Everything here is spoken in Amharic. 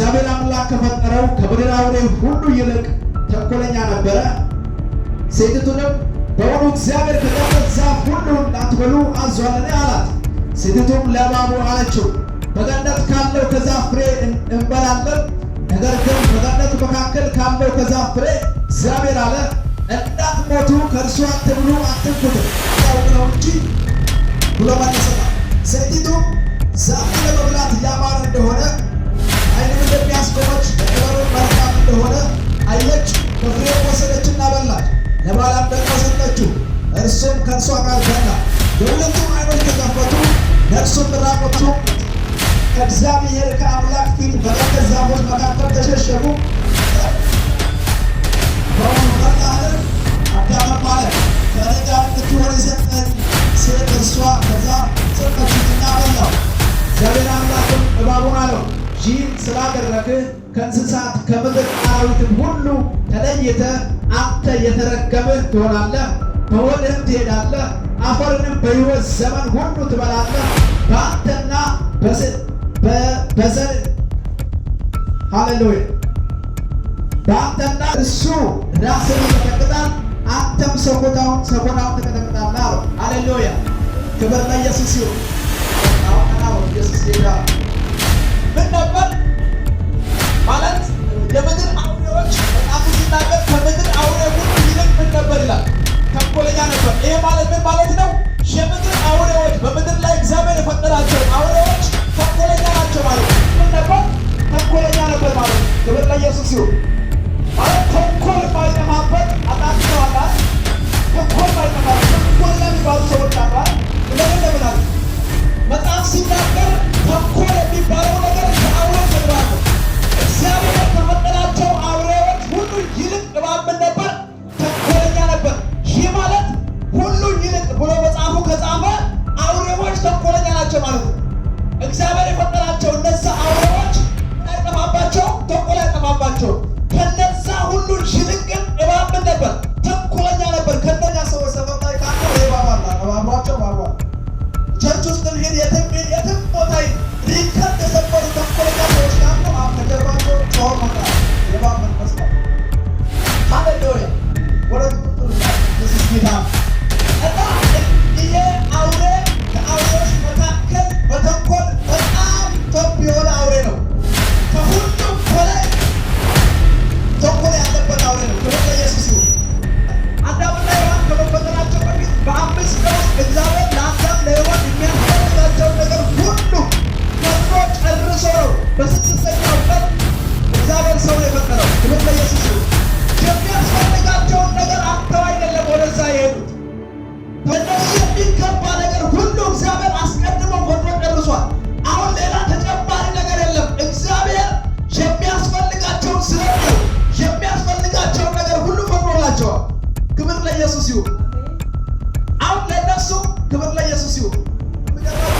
እግዚአብሔር አምላክ ከፈጠረው ከምድር አውሬ ሁሉ ይልቅ ተንኮለኛ ነበረ። ሴቲቱንም በውኑ እግዚአብሔር ከገነት ዛፍ ሁሉ እንዳትበሉ አዟልን አላት። ሴቲቱም ለእባቡ አለችው፣ በገነት ካለው ከዛፍ ፍሬ እንበላለን፣ ነገር ግን በገነት መካከል ካለው ከዛፍ ፍሬ እግዚአብሔር አለ እንዳትሞቱ ከእርሱ አትብሉ፣ አትንኩትም ያውቅ ነው እንጂ ብሎ መለሰላት። ሴቲቱ ዛፍ ለመብላት ያማረ እንደሆነ ነቅሶ አመልከና በሁለቱም አይኖች ተከፈቱ። ነቅሱም ራቆቱ ከእግዚአብሔር ከአምላክ ፊት በቀይ ዛፎች መካከል ተሸሸጉ። አለ ከእኔ ጋር እንድትሆን የሰጠኝ ሴት አለው ይህን ስላደረግህ ከእንስሳት ከምድር አራዊትም ሁሉ ተለይተህ አንተ የተረገምህ ትሆናለህ በወደብ ትሄዳለህ፣ አፈርንም በሕይወት ዘመን ሁሉ ትበላለህ። በአንተና በዘር ሃሌሉያ በአንተና እሱ ራስን ይቀጠቅጣል፣ አንተም ሰኮታውን ሰኮናውን ትቀጠቅጣለህ አለ። ሃሌሉያ ክብር ለኢየሱስ ይሁን። አሁን ኢየሱስ በዚህ ሲሆን ማለት ተንኮል ባይጠፋበት አጣቸው አካል ተንኮል ባይጠፋበት ተንኮል የሚባሉ ሰዎች አካል ለምን ለምናል መጽሐፍ ሲናገር ተንኮል የሚባለው ነገር ከአውሬ ተግባር ነው። እግዚአብሔር ከፈጠራቸው አውሬዎች ሁሉ ይልቅ እባብ ነበር? ተንኮለኛ ነበር። ይህ ማለት ሁሉ ይልቅ ብሎ መጽሐፉ ከጻፈ አውሬዎች ተንኮለኛ ናቸው ማለት ነው። እግዚአብሔር በስንተኛው ቀን እግዚአብሔር ሰው የፈጠረው ክብር ለኢየሱስ ይሁን። የሚያስፈልጋቸውን ነገር አተው አይደለም ወደዛ የሄዱት። በእነሱ የሚገባ ነገር ሁሉ እግዚአብሔር አስቀድሞ ወዶ ጨርሷል። አሁን ሌላ ተጨማሪ ነገር የለም። እግዚአብሔር የሚያስፈልጋቸውን ስለሚያው የሚያስፈልጋቸውን ነገር ሁሉ ፈቅዶላቸዋል። ክብር ለኢየሱስ ይሁን። አሁን ለነሱ ክብር ለኢየሱስ ይሁን።